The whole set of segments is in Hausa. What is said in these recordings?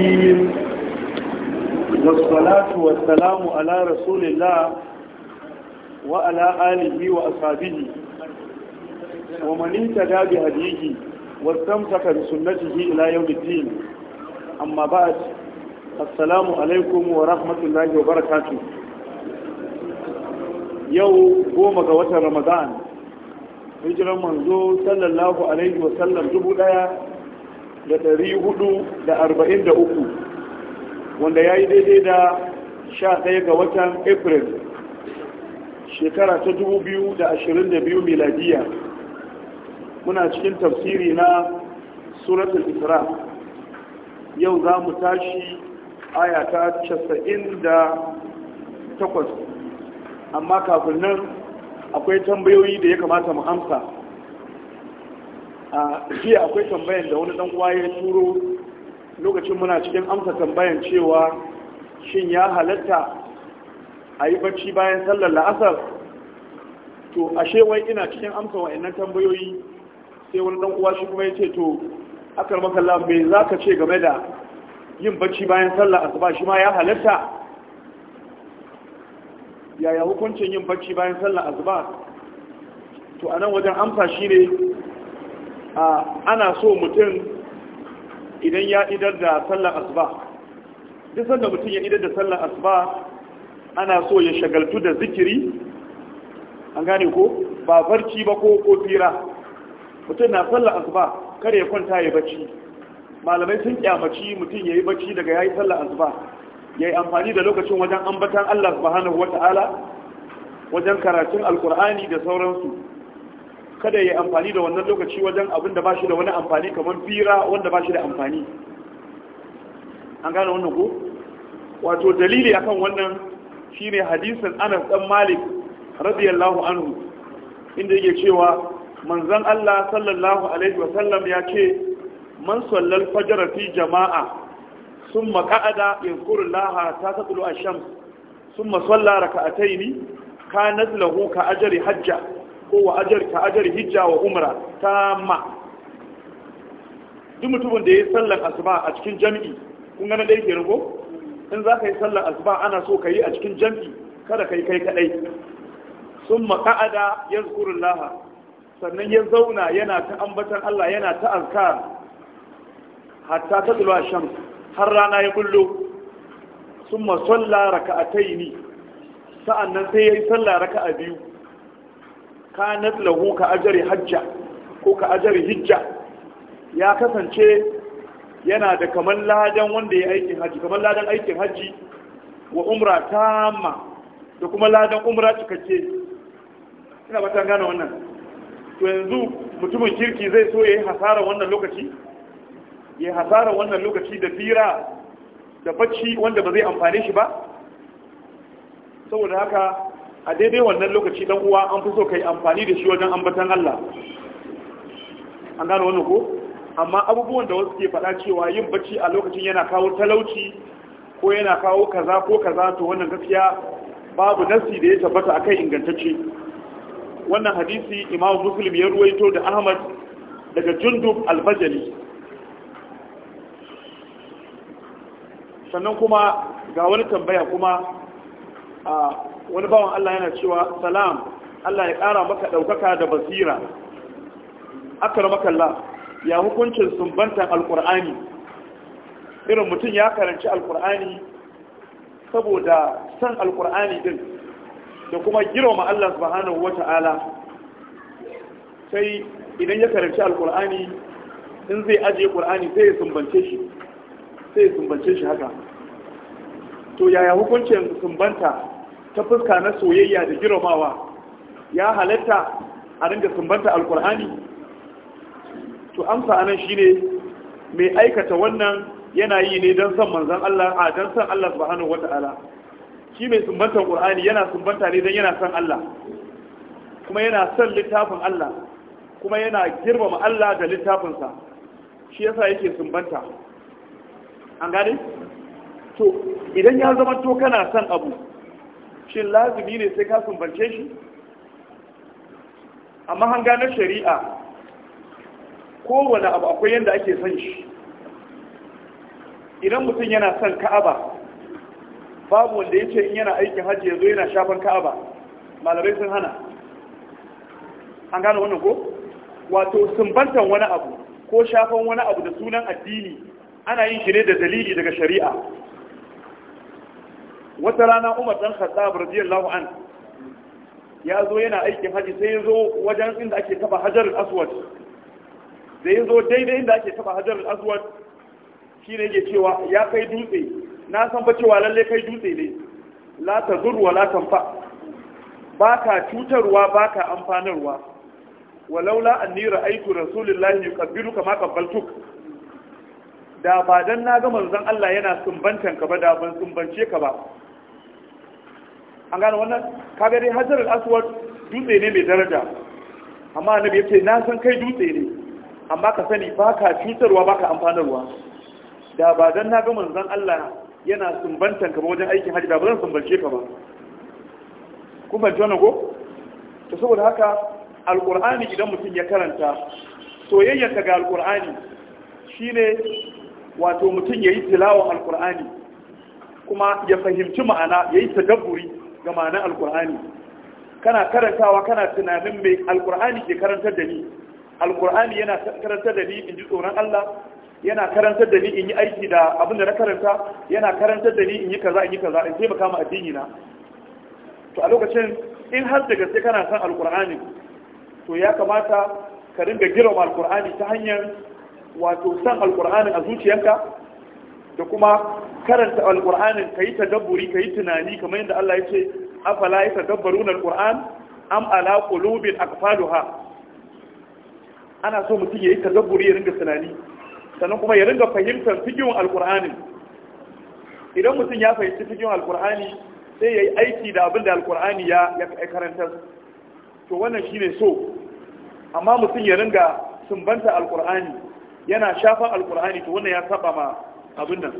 الرجيم والصلاة والسلام على رسول الله وعلى آله وأصحابه ومن انتدى بهديه واستمسك بسنته إلى يوم الدين أما بعد السلام عليكم ورحمة الله وبركاته يوم قوم رمضان hijiran manzo sallallahu alaihi wasallam dubu daya da ɗari hudu da arba'in da uku wanda ya yi daidai da sha ɗaya ga watan april shekara ta dubu biyu da ashirin da biyu miladiya muna cikin tafsiri na suratul isra yau za mu tashi ayata casa'in da takwas amma kafin nan akwai tambayoyi da ya kamata mu amsa a jiya akwai tambayan da wani dan uwa ya turo lokacin muna cikin amsa tambayan cewa shin ya halatta a yi bacci bayan sallar la'asar to ashe wai ina cikin amsa wa'annan tambayoyi sai wani dan uwa shi kuma ya ce to akar makalla me za ka ce game da yin bacci bayan sallar asuba shi ma ya halatta yaya hukuncin yin bacci bayan sallar asuba to a nan wajen amsa shi ne ana so mutum idan ya idar da sallar asuba duk sanda mutum ya idar da sallar asuba ana so ya shagaltu da zikiri an gane ko ba barci ba ko ko fira mutum na sallar asuba kare ya kwanta ya bacci malamai sun kyamaci mutum ya yi bacci daga ya yi sallar asuba ya yi amfani da lokacin wajen ambatan Allah subhanahu wata'ala wajen karatun alkur'ani da sauransu kada ya amfani da wannan lokaci wajen abin da ba shi da wani amfani kamar fira wanda ba shi da amfani an gane wannan ko wato dalili akan wannan shine hadisin anas dan malik radiyallahu anhu inda yake cewa manzon Allah sallallahu alaihi wa sallam ya ce man sallal fajr fi jama'a thumma qa'ada yadhkuru Laha ta tatlu ash-shams thumma salla rak'ataini kanat lahu ka ajri hajja ko wa ajar ka ajar hijja wa umra tamma duk mutumin da ya yi sallar asuba a cikin jami'i kun na dai ke rago in za ka yi sallar asuba ana so ka yi a cikin jami'i kada ka yi kai kaɗai sun maka'ada ya zukurin sannan ya zauna yana ta ambatan Allah yana ta azka hatta ta tsulwa sham har rana ya bullo sun masalla raka'ataini sa'annan sai ya yi sallah raka'a biyu kanat lahu ka ajari hajja ko ka ajari hijja ya kasance yana da kamar ladan wanda ya aikin haji kamar ladan aikin haji wa umra tamma da kuma ladan umra cikakke ina bata gane wannan to yanzu mutumin kirki zai so ya yi hasara wannan lokaci ya yi hasara wannan lokaci da fira da bacci wanda ba zai amfane shi ba saboda haka a daidai wannan lokaci dan uwa an fi so kai amfani da shi wajen ambatan Allah an gano wannan ko amma abubuwan da wasu ke faɗa cewa yin bacci a lokacin yana kawo talauci ko yana kawo kaza ko kaza to wannan gaskiya babu nasi da ya tabbata akai ingantacce wannan hadisi Imam muslim ya ruwaito da ahmad daga jundub al-bajali sannan kuma ga wani tambaya kuma a wani bawan Allah yana cewa salam Allah ya ƙara maka ɗaukaka da basira akar makalla ya hukuncin sumbantan alƙur'ani irin mutum ya karanci alƙur'ani saboda san alƙur'ani din da kuma girma Allah subhanahu wata'ala sai idan ya karanci alƙur'ani in zai ajiye ƙur'ani sai ya sumbance shi sai ya sumbance shi haka to yaya hukuncin sumbanta ta fuska na soyayya da girmamawa ya halatta a ringa sumbanta alkur'ani to amsa anan shine mai aikata wannan yana yi ne don san manzon Allah a don san Allah subhanahu wata'ala shi mai sumbantar qur'ani yana sumbanta ne don yana san Allah kuma yana san littafin Allah kuma yana girmama Allah da littafinsa shi yasa yake sumbanta an gane to idan ya zama to kana san abu shin lazumi ne sai ka sumbance shi amma hanga na shari'a kowane abu akwai yadda ake son shi idan mutum yana son ka'aba babu wanda ya ce in yana aikin hajji ya zo yana shafan ka'aba malamai sun hana an gano wannan ko wato sumbantan wani abu ko shafan wani abu da sunan addini ana yin shi ne da dalili daga shari'a wata rana umar dan khattab radiyallahu an ya zo yana aikin haji sai ya zo wajen inda ake taba hajar al-aswad da ya zo daidai inda ake taba hajar al-aswad shi ne yake cewa ya kai dutse na san ba cewa lalle kai dutse ne la ta zurwa la tanfa ba ka cutarwa ba ka amfanarwa walaula anni ra'aytu rasulullahi yuqabbiluka kama qabbaltuk da ba dan na ga manzon Allah yana sumbantan ka ba da ban sumbance ka ba an gane wannan kaga dai hajar dutse ne mai daraja amma biyar ce na san kai dutse ne amma ka sani baka cutarwa baka amfanarwa da ba zan na gama zan Allah yana sumbantan ka wajen aikin hajji da ba zan sumbance ka ba kun fahimci wannan ko to saboda haka alkur'ani idan mutum ya karanta soyayyarka ga alkur'ani shine wato mutum ya yi tilawa alkur'ani kuma ya fahimci ma'ana ya yi tadabburi ga manan alkur'ani kana karantawa kana tunanin mai alkur'ani ke karantar da ni alkur'ani yana karantar da ni in ji tsoron Allah yana karantar da ni in yi aiki da abin da na karanta yana karantar da ni in yi kaza in yi kaza in taimaka ma addini na to a lokacin in har da gaske kana san alkur'ani to ya kamata ka ringa girma alkur'ani ta hanyar wato san alkur'ani a zuciyarka da kuma karanta alƙur'anin ka yi tadabburi ka yi tunani kamar yadda Allah ya ce afala ya tadabbaru na alƙur'an am ala qulubin aqfaluha ana so mutum ya yi tadabburi ya ringa tunani sannan kuma ya ringa fahimtar fikihun alƙur'anin idan mutum ya fahimci fikihun alƙur'ani sai ya yi aiki da abin da alƙur'ani ya karanta to wannan shine so amma mutum ya ringa sumbanta alƙur'ani yana shafar alƙur'ani to wannan ya saba ma abin nan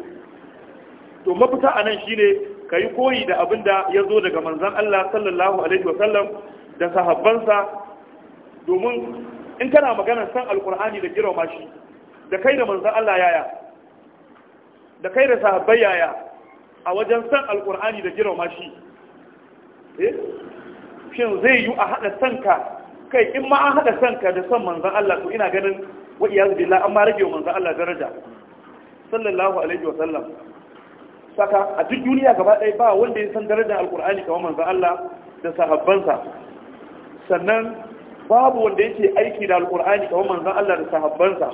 to mafita a nan shine ka yi koyi da abin da ya zo daga manzan Allah sallallahu alaihi wasallam da sahabbansa domin in kana magana san alkur'ani da girma shi da kai da manzan Allah yaya da kai da sahabbai yaya a wajen san alkur'ani da girma shi eh? shin zai yi a haɗa sanka kai in ma an haɗa sanka da san manzan Allah to ina ganin wa iyazu billah an rage wa manzan Allah daraja sallallahu alaihi wa sallam saka a duk duniya gaba ɗaya ba wanda ya san darajar alkur'ani kamar manzon Allah da sahabbansa sannan babu wanda yake aiki da alkur'ani kamar manzon Allah da sahabbansa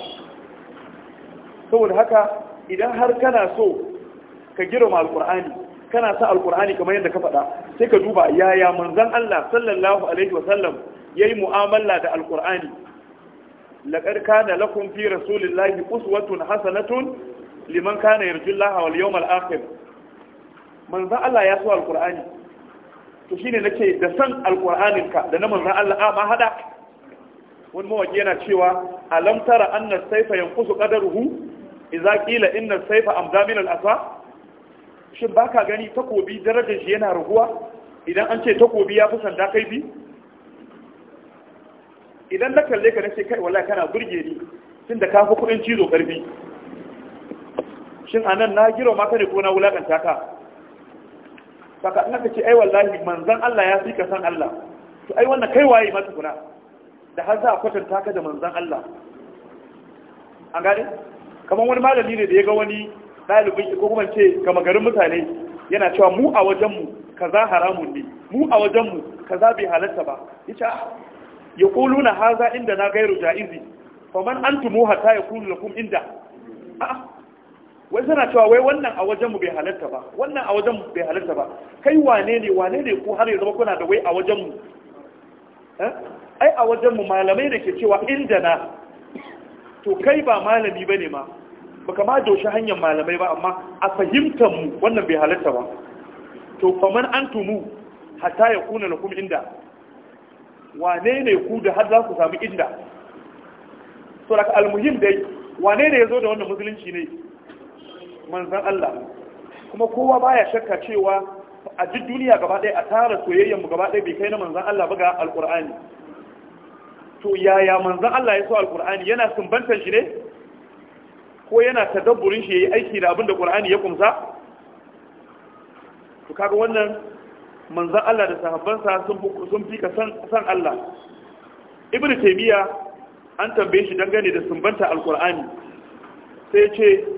saboda haka idan har kana so ka girma alkur'ani kana sa alkur'ani kamar yadda ka faɗa sai ka duba yaya manzon Allah sallallahu alaihi wa sallam yayi mu'amala da alkur'ani laqad kana lakum fi rasulillahi uswatun hasanatun liman kana yarjullaha wal yawmal akhir manzon Allah ya so alqur'ani to shine nake da san alqur'anin ka da na manzon Allah a ma hada wani mawaki yana cewa alam tara anna sayfa yanqusu qadaruhu idza qila inna sayfa amza min al asa shin baka gani takobi darajar shi yana raguwa idan an ce takobi ya fi sanda kai bi idan na kalle ka nace kai wallahi kana burge ni tunda ka fi kudin cizo karfi shin a nan na giro maka ne ko na wulakanta ka saka in ka ce ai wallahi manzon Allah ya fi ka san Allah to ai wannan kai waye ma tukuna da har za a kwatanta ka da manzon Allah an gane kamar wani malami ne da ya ga wani ɗalibin ko kuma ce gama garin mutane yana cewa mu a wajenmu kaza haramun ne mu a wajenmu kaza bai halatta ba yace ya kulu ah, na haza inda na gairu ja'izi fa man ya hatta yakulu lakum inda a'a wai suna cewa wai wannan a wajen mu bai halarta ba wannan a wajen mu bai halarta ba kai wane ne wane ne ko har ya zama kuna da wai a wajen mu eh? ai a wajen mu malamai da ke cewa inda na to kai ba malami bane ma baka ma doshi hanyar malamai ba amma a fahimtar mu wannan bai halarta ba to faman antumu hatta ya kuna lakum inda wane ne ku da har za ku sami inda so daga almuhim dai wane ne ya zo da wannan musulunci ne manzan Allah kuma kowa baya shakka cewa a duk duniya gaba ɗaya a tara soyayyen mu gaba ɗaya bai kai na manzan Allah ba ga Alƙur'ani. to yaya manzan Allah ya so Alƙur'ani yana sumbantan shi ne ko yana tadabburin shi yayi aiki da abinda da ya kumsa to kaga wannan manzan Allah da sahabbansa sun sun fika san san Allah ibnu taymiya an tambaye shi dangane da sumbanta Alƙur'ani sai ya ce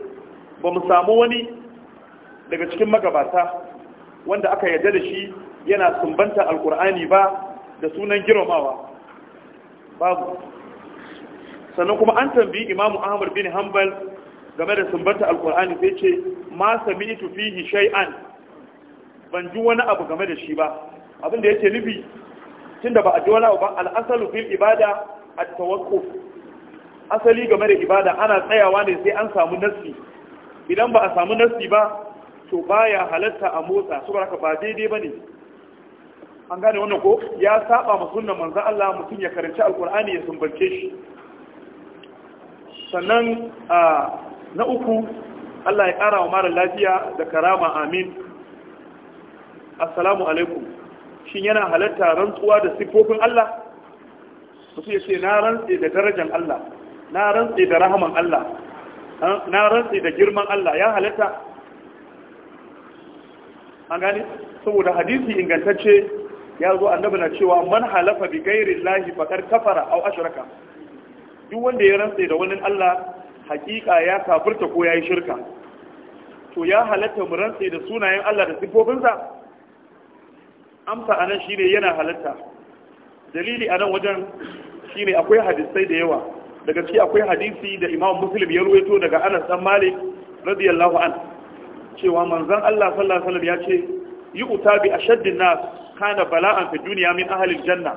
ba mu samu wani daga cikin magabata wanda aka yarda da shi yana sumbanta alkur'ani ba da sunan girmamawa babu sannan kuma an tambayi imamu ahmad bin hanbal game da sumbanta alkur'ani sai ce ma sami'tu fihi shay'an ban ji wani abu game da shi ba abin da yake nufi tunda ba a ji wani abu ba al'asalu fil ibada at-tawaqquf asali game da ibada ana tsayawa ne sai an samu nasi idan ba a samu nasi ba to baya halatta a motsa su haka ba daidai bane an gane wannan ko ya saba ma sunnan manzon Allah mutum ya karanci alqur'ani ya sumbance shi sannan na uku Allah ya ƙara wa mara lafiya da karama amin assalamu alaikum shin yana halatta rantsuwa da siffofin Allah mutum ya ce na rantse da darajar Allah na rantse da rahaman Allah na rantsi da girman Allah ya halatta an gani saboda hadisi ingantacce ya zo annabi na cewa man halafa bi ghairi llahi faqad kafara aw ashraka duk wanda ya rantsi da wani Allah hakika ya kafirta ko yayi shirka to ya halatta mu rantsi da sunayen Allah da sifofinsa amsa anan shine yana halatta dalili anan wajen shine akwai hadisai da yawa daga ciki akwai hadisi da imam muslim ya ruwaito daga anas dan malik radiyallahu an cewa manzon Allah sallallahu alaihi wasallam ya ce yi utabi ashaddin nas kana bala'an fi duniya min ahli janna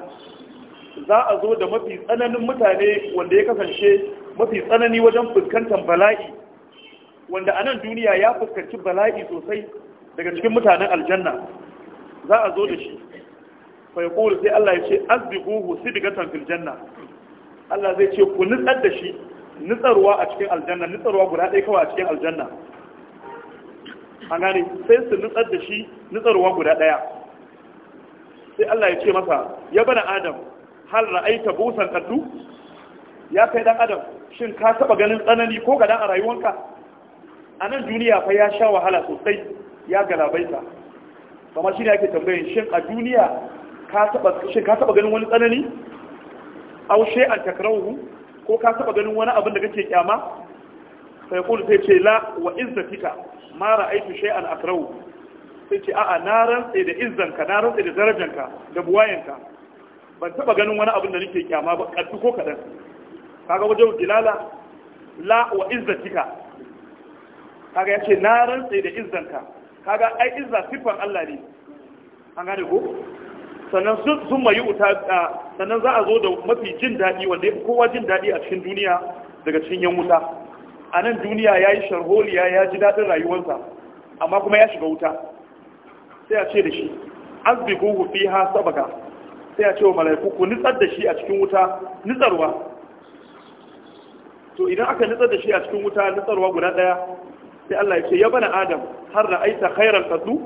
za a zo da mafi tsananin mutane wanda ya kasance mafi tsanani wajen fuskantar bala'i wanda a nan duniya ya fuskanci bala'i sosai daga cikin mutanen aljanna za a zo da shi fa yaqulu sai Allah ya ce azbiquhu sidqatan fil janna Allah zai ce ku nutsar da shi nutsarwa a cikin aljanna nutsarwa guda ɗaya kawai a cikin aljanna an gane sai su nutsar da shi nutsarwa guda ɗaya sai Allah ya ce masa ya bana adam hal ra'aita busan kaddu ya kai dan adam shin ka taba ganin tsanani ko gadan a rayuwanka a nan duniya fa ya sha wahala sosai ya galabaita kamar shi ne ake tambayin shin a duniya ka taba shin ka taba ganin wani tsanani aw an takrahu ko ka saba ganin wani abin da kake kyama fa yaqulu sai ce la wa izzatika ma ra'aytu an akrahu sai ce a'a na rantsa da ka na rantsa da darajanka da ka ban taba ganin wani abin da nake kyama ba kaddu ko kadan kaga wajen dilala la wa izzatika kaga yace na rantsa da Ka kaga ai izza sifan Allah ne an gane ko sannan sun mayu wuta sannan za a zo da mafi jin daɗi wanda ya fi kowa jin daɗi a cikin duniya daga cikin yan wuta a nan duniya ya yi sharholiya ya ji daɗin rayuwarsa amma kuma ya shiga wuta sai a ce da shi azbiguhu ha sabaka sai a ce wa mala'iku ku nitsar da shi a cikin wuta nitsarwa to idan aka nitsar da shi a cikin wuta nitsarwa guda ɗaya sai Allah ya ce ya bana adam har aita khairar tattu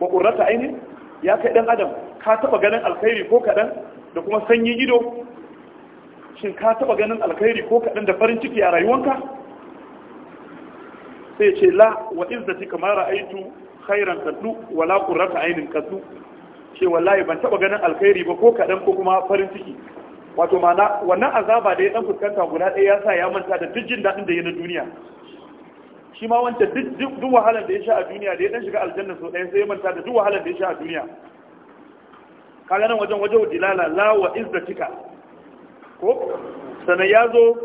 wa ƙurrata ainihin ya kai ɗan adam ka taɓa ganin alkhairi ko kaɗan da kuma sanyin ido shin ka taɓa ganin alkhairi ko kaɗan da farin ciki a rayuwanka sai ce la wa izzati kama ra'aitu khairan kaddu wala qurrata ainin kaddu ce wallahi ban taɓa ganin alkhairi ba ko kaɗan ko kuma farin ciki wato mana wannan azaba da ya dan fuskanta guda ɗaya ya sa ya manta da duk jin daɗin da ya na duniya shi ma wancan duk duk wahalar da ya sha a duniya da ya dan shiga aljanna so ɗaya sai ya manta da duk wahalar da ya sha a duniya kaga nan wajen wajen dilala la wa izzatika ko sanan ya zo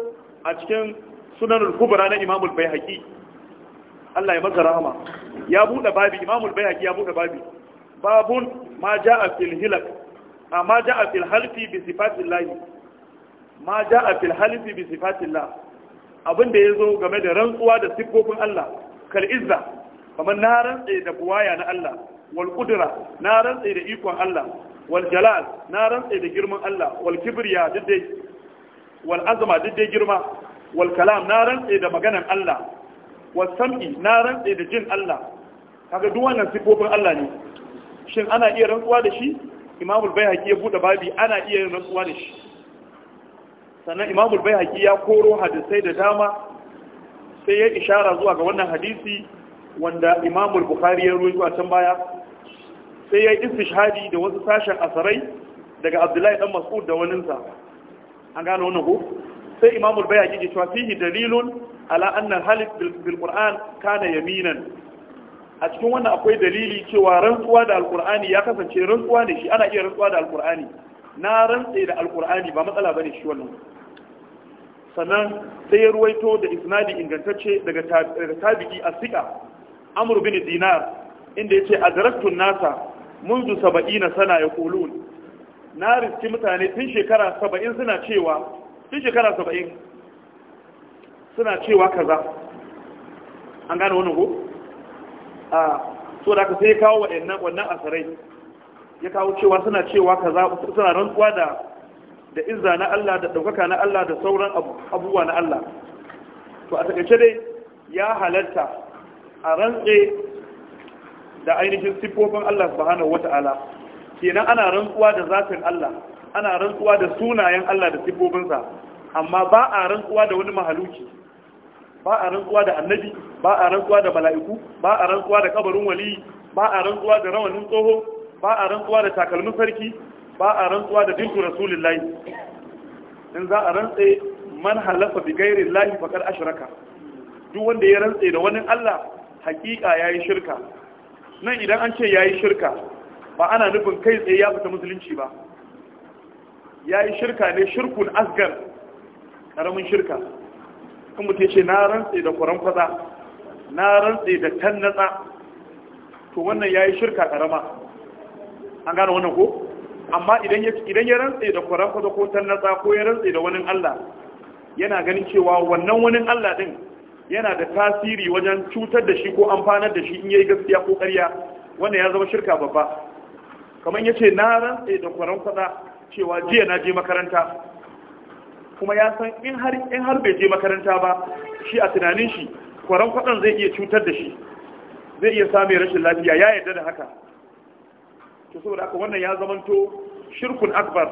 a cikin sunanul kubra na imamul bayhaqi Allah ya masa rahama ya bude babi imamul bayhaqi ya bude babi babun ma jaa fil hilak ma jaa fil halfi bi sifatillahi ma jaa fil halfi bi sifatillah abin da ya zo game da rantsuwa da siffofin Allah kal izza kamar na rantse da buwaya na Allah wal qudra na rantse da ikon Allah wal jalal na rantse da girman Allah wal kibriya diddai wal azma diddai girma wal kalam na rantse da maganan Allah wal sam'i na rantse da jin Allah kaga duk wannan siffofin Allah ne shin ana iya rantsuwa da shi imamul bayhaqi ya bude babi ana iya rantsuwa da shi sannan imamul bai ya koro hadisai da dama sai ya ishara zuwa ga wannan hadisi wanda imamul bukhari ya ruwa a can baya sai ya yi shahadi da wasu sashen asarai daga abdullahi dan mas'ud da waninsa an gano wannan ko sai imamul bai haƙi cewa fihi dalilun ala annal halif bil qur'an kana yaminan a cikin wannan akwai dalili cewa rantsuwa da Alkur'ani ya kasance rantsuwa ne shi ana iya rantsuwa da Alkur'ani. na rantse da alkur'ani ba matsala bane shi wannan sannan sai ya ruwaito da isnadi ingantacce daga tabi'i a siƙa amur bin dinar inda ya ce a daraktun nasa munzu saba'ina sana ya kulun na riski mutane tun shekara saba'in suna cewa tun shekara saba'in suna cewa kaza an gane wani ko a so da aka sai kawo wannan asarai ya kawo cewa suna cewa kaza suna rantsuwa da da izza na Allah da daukaka na Allah da sauran abubuwa na Allah to a takaice dai ya halarta a rantse da ainihin sifofin Allah subhanahu wata'ala kenan ana rantsuwa da zatin Allah ana rantsuwa da sunayen Allah da sifofinsa amma ba a rantsuwa da wani mahaluki ba a rantsuwa da annabi ba a rantsuwa da mala'iku ba a rantsuwa da kabarin wali ba a rantsuwa da rawanin tsoho ba a rantsuwa da takalmin sarki ba a rantsuwa da dinku rasulullahi in za a rantse man halafa bi gairi lahi faqad ashraka duk wanda ya rantse da wani Allah hakika yayi shirka nan idan an ce yayi shirka ba ana nufin kai tsaye ya fita musulunci ba yayi shirka ne shirkun asgar karamin shirka kan ya ce na rantse da kuran kwatsa na rantse da tannatsa to wannan yayi shirka karama an gane wannan ko amma idan ya idan ya rantsa da Qur'an ko ko tannatsa ko ya rantsa da wani Allah yana ganin cewa wannan wani Allah din yana da tasiri wajen cutar da shi ko amfanar da shi in yi gaskiya ko karya, wannan ya zama shirka babba kamar yace na rantsa da Qur'an cewa jiya na je makaranta kuma ya san in har in har bai je makaranta ba shi a tunanin shi Qur'an zai iya cutar da shi zai iya same rashin lafiya ya yarda da haka to saboda haka wannan ya zamanto shirkun akbar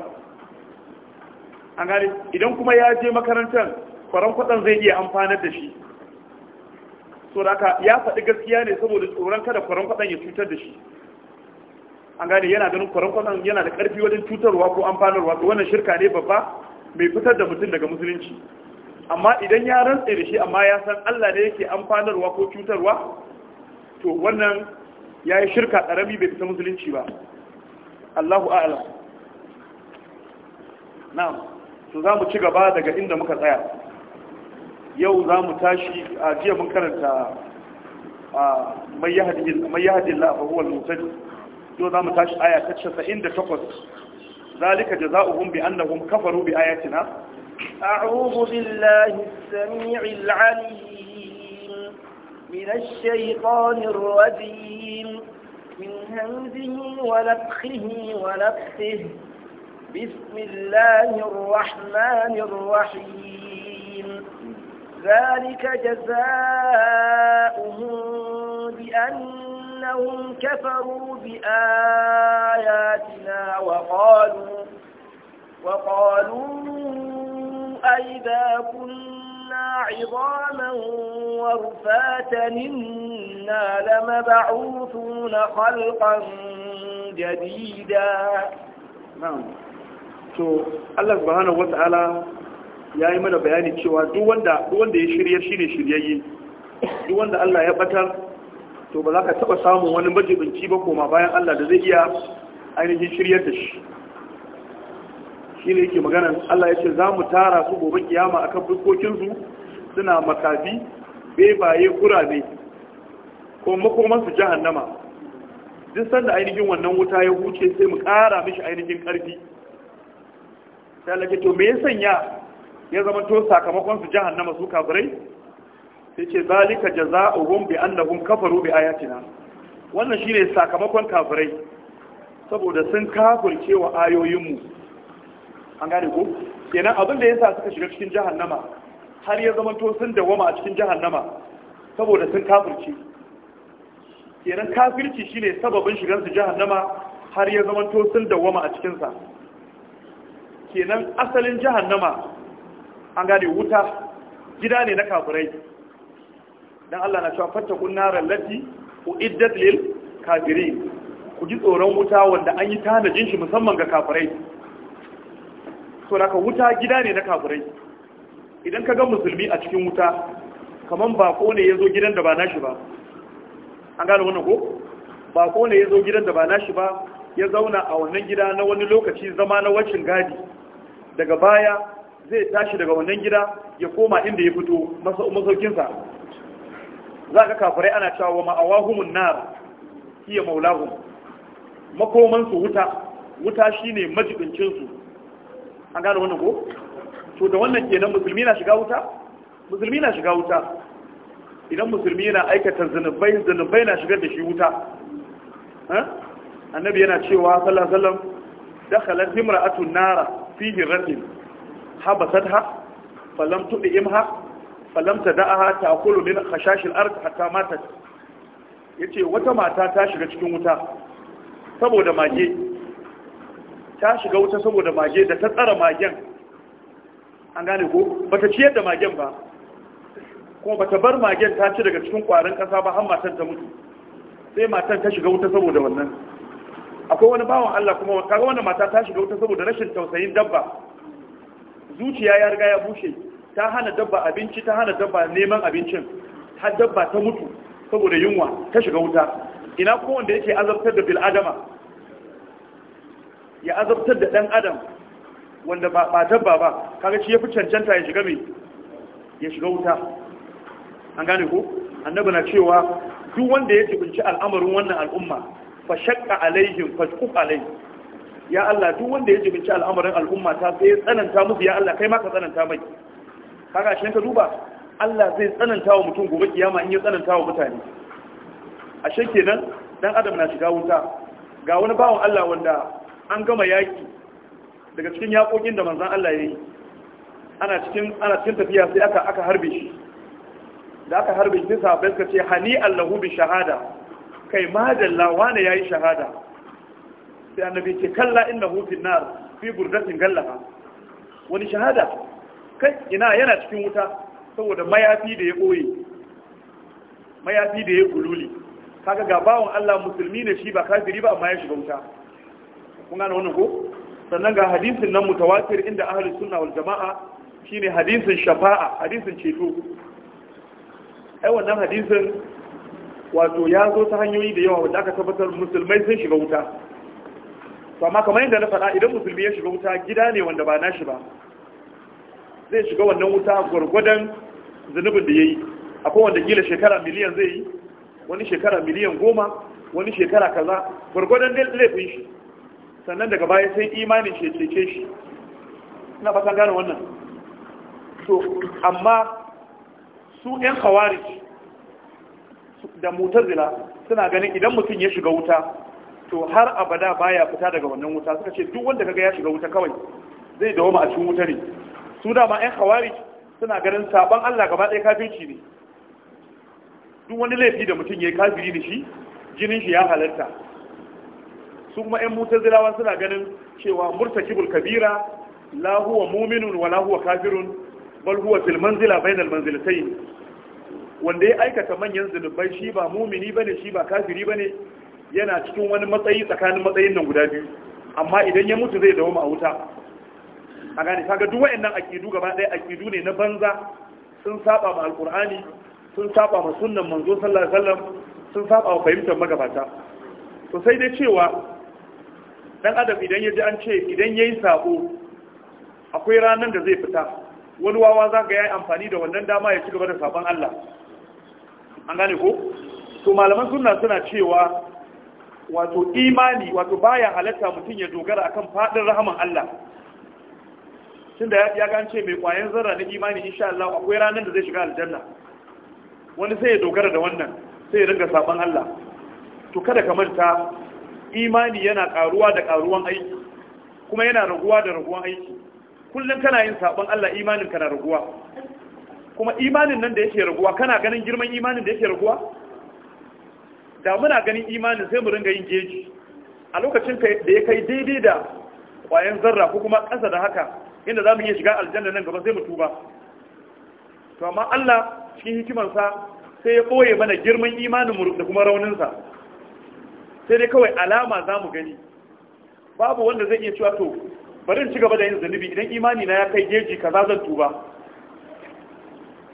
an gane idan kuma ya je makarantar faran kwaɗan zai iya amfanar da shi saboda haka ya faɗi gaskiya ne saboda tsoron kada faran kwaɗan ya cutar da shi an gane yana ganin faran kwaɗan yana da ƙarfi wajen cutarwa ko amfanarwa to wannan shirka ne babba mai fitar da mutum daga musulunci amma idan ya rantse da shi amma ya san Allah ne yake amfanarwa ko cutarwa to wannan ya yi shirka ƙarami bai fita musulunci ba Allahu a'lam za mu ci gaba daga inda muka tsaya yau za mu tashi a jiya mun karanta mai yahadin la'afahuwar mutane yau za mu tashi aya ta 98 bi bi أعوذ بالله السميع العليم من الشيطان الرجيم من همزه ونفخه ونفسه بسم الله الرحمن الرحيم ذلك جزاؤهم بأنهم كفروا بآياتنا وقالوا وقالوا أئذا كنا خلقنا عظاما ورفاتا إنا لمبعوثون خلقا جديدا نعم to Allah subhanahu wata'ala ya yi mana bayani cewa duk wanda ya shirya shi ne shiryayye duk wanda Allah ya batar to ba za ka taba samun wani majibinci ba koma bayan Allah da zai iya ainihin shiryar da shi shi ne yake magana Allah ya ce za mu tara su gobe kiyama akan fuskokinsu suna makafi bebaye kurame ko makomansu jahannama duk sanda ainihin wannan wuta ya huce sai mu kara mishi ainihin karfi sai lake to me ya sanya ya zama to sakamakon su jahannama su kafirai sai ce zalika jazaohum bi annahum kafaru bi ayatina wannan shine sakamakon kafirai saboda sun kafirce wa ayoyinmu an gane ko kenan abin da yasa suka shiga cikin jahannama har ya zama to sun dawama a cikin jahannama saboda sun kafirci kenan kafirci shine sababin shigar su jahannama har ya zama to sun dawama a cikin sa kenan asalin jahannama an gane wuta gida ne na kafirai dan Allah na cewa fattakun naral lati uiddat lil kafirin ku ji tsoron wuta wanda an yi tanajin shi musamman ga kafirai so da wuta gida ne na kafirai idan ka ga musulmi a cikin wuta ba bako ne ya zo gidan da ba nashi ba an gane wannan ko bako ne ya zo gidan da ba nashi ba ya zauna a wannan gida na wani lokaci zama na wacin gadi daga baya zai tashi daga wannan gida ya koma inda ya fito masaukinsa za ka kafirai ana cewa ma'awahumun na iya maulahum makomansu wuta wuta shine majibincinsu an gane wannan ko to da wannan kenan musulmi na shiga wuta musulmi na shiga wuta idan musulmi na aikata zanubai zanubai na shigar da shi wuta annabi yana cewa sallallahu alaihi wasallam dakhalat imra'atun nara fi hirratin habasatha falam tudimha falam tada'aha ta'kulu min khashashil ard hatta matat yace wata mata ta shiga cikin wuta saboda mage ta shiga wuta saboda mage da ta tsara magen an gane ko ba ta ciyar da magen ba kuma ba ta bar magen ta ci daga cikin kwarin ƙasa ba har matan ta mutu sai matan ta shiga wuta saboda wannan akwai wani bawan Allah kuma kaga wannan mata ta shiga wuta saboda rashin tausayin dabba zuciya ya riga ya bushe ta hana dabba abinci ta hana dabba neman abincin har dabba ta mutu saboda yunwa ta shiga wuta ina ko wanda yake azabtar da bil adama ya azabtar da ɗan adam wanda ba dabba ba kaga shi ya fi cancanta ya shiga mai ya shiga wuta an gane ku? annabi na cewa duk wanda ya jibinci al'amarin wannan al'umma fa shakka alaihim fa shaqqa alaihim ya Allah duk wanda ya jibinci al'amarin al'umma ta sai ya tsananta musu ya Allah kai ma ka tsananta mai kaga shi ka duba Allah zai tsananta wa mutum gobe kiyama in ya tsananta wa mutane ashe kenan dan adam na shiga wuta ga wani bawan Allah wanda an gama yaki daga cikin yakokin da manzan Allah ya yi ana cikin ana cikin tafiya sai aka aka harbe shi da aka harbe shi sai suka ce hani Allahu bi shahada kai madalla wani yayi shahada sai annabi ce kalla innahu fi nar fi burdatin gallaha wani shahada kai ina yana cikin wuta saboda mayafi da ya koye mayafi da ya kululi kaga ga bawon Allah musulmi ne shi ba kafiri ba amma ya shiga wuta kun gane wannan ko sannan ga hadisin nan mutawatir inda ahlus sunna wal jama'a shine hadisin shafa'a hadisin ceto ai wannan hadisin wato ya zo ta hanyoyi da yawa wanda aka tabbatar musulmai sun shiga wuta to amma kamar yadda na faɗa idan musulmi ya shiga wuta gida ne wanda ba nashi ba zai shiga wannan wuta gwargwadon zunubin da ya yi akwai wanda gila shekara miliyan zai yi wani shekara miliyan goma wani shekara kaza gwargwadon laifin shi sannan daga baya sai imanin shi cece shi na fatan gane wannan to amma su yan khawarij da mutazila suna ganin idan mutum ya shiga wuta to har abada baya fita daga wannan wuta suka ce duk wanda kaga ya shiga wuta kawai zai dawoma a cikin wuta ne su dama yan khawarij suna ganin saban Allah gaba ɗaya kafirci ne duk wani laifi da mutum ya yi kafiri da shi jinin shi ya halarta su kuma yan mutazilawa suna ganin cewa murtakibul kabira la huwa mu'minun wa la huwa kafirun bal huwa fil manzila al manzilatayn wanda ya aikata manyan zunubai shi ba mumini bane shi ba kafiri bane yana cikin wani matsayi tsakanin matsayin nan guda biyu amma idan ya mutu zai dawo a wuta a gane kaga duk wayannan akidu gaba ɗaya akidu ne na banza sun saba ma alqur'ani sun saba ma sunnan manzo sallallahu alaihi wasallam sun saba wa fahimtar magabata to sai dai cewa dan adam idan ya ji an ce idan ya yi sabo akwai ranar da zai fita wani wawa za ga ya yi amfani da wannan dama ya ci gaba da sabon Allah an gane ko to malaman sunna suna cewa wato imani wato baya halatta mutum ya dogara akan fadin rahaman Allah da ya gance mai kwayan zarra na imani insha Allah akwai ranar da zai shiga aljanna wani sai ya dogara da wannan sai ya ringa sabon Allah to kada ka manta imani yana karuwa da karuwan aiki kuma yana raguwa da raguwan aiki kullum kana yin sabon Allah imanin kana raguwa kuma imanin nan da yake raguwa kana ganin girman imanin da yake raguwa da muna ganin imanin sai mu ringa yin geji a lokacin da ya kai daidai da kwayan zarra ko kuma ƙasa da haka inda za mu iya shiga aljanna nan gaba sai mu tuba to amma Allah cikin hikimarsa sai ya ɓoye mana girman imanin da kuma rauninsa sai dai kawai alama za mu gani babu wanda zai iya cewa to bari in ci gaba da yin zunubi idan imani na ya kai geji kaza zan tuba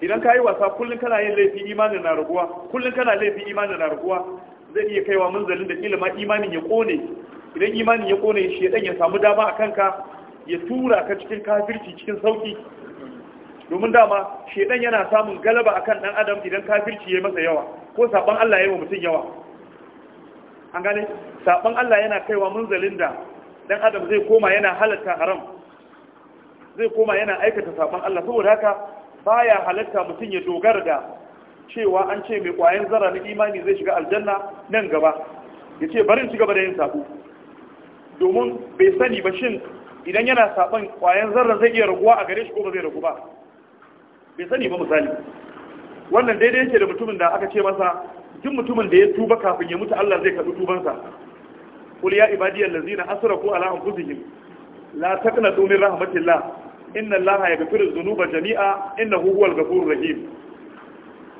idan ka yi wasa kullum kana yin laifi imanin na raguwa kullum kana laifi imanin na raguwa zai iya kaiwa munzalin da kila ma imanin ya kone idan imanin ya kone dan ya samu dama a kanka ya tura ka cikin kafirci cikin sauki domin dama shedan yana samun galaba akan dan adam idan kafirci yayi masa yawa ko saban Allah yayi wa mutum yawa an gane Sabon Allah yana kaiwa munzalin da ɗan adam zai koma yana halatta haram zai koma yana aikata sabon Allah saboda haka baya halatta mutum ya dogara da cewa an ce mai kwayan zara na imani zai shiga aljanna nan gaba ya ce barin ci gaba da yin sabo domin bai sani ba shin idan yana sabon kwayan zarra zai iya raguwa a gare shi ko ba zai ragu ba bai sani ba misali wannan daidai yake da mutumin da aka ce masa duk mutumin da ya tuba kafin ya mutu Allah zai kaɗu tubansa qul ya ibadiyal ladzina ko ala anfusihim la taqnatu min rahmatillah inna allaha yaghfiru dhunuba jami'a innahu huwal ghafurur rahim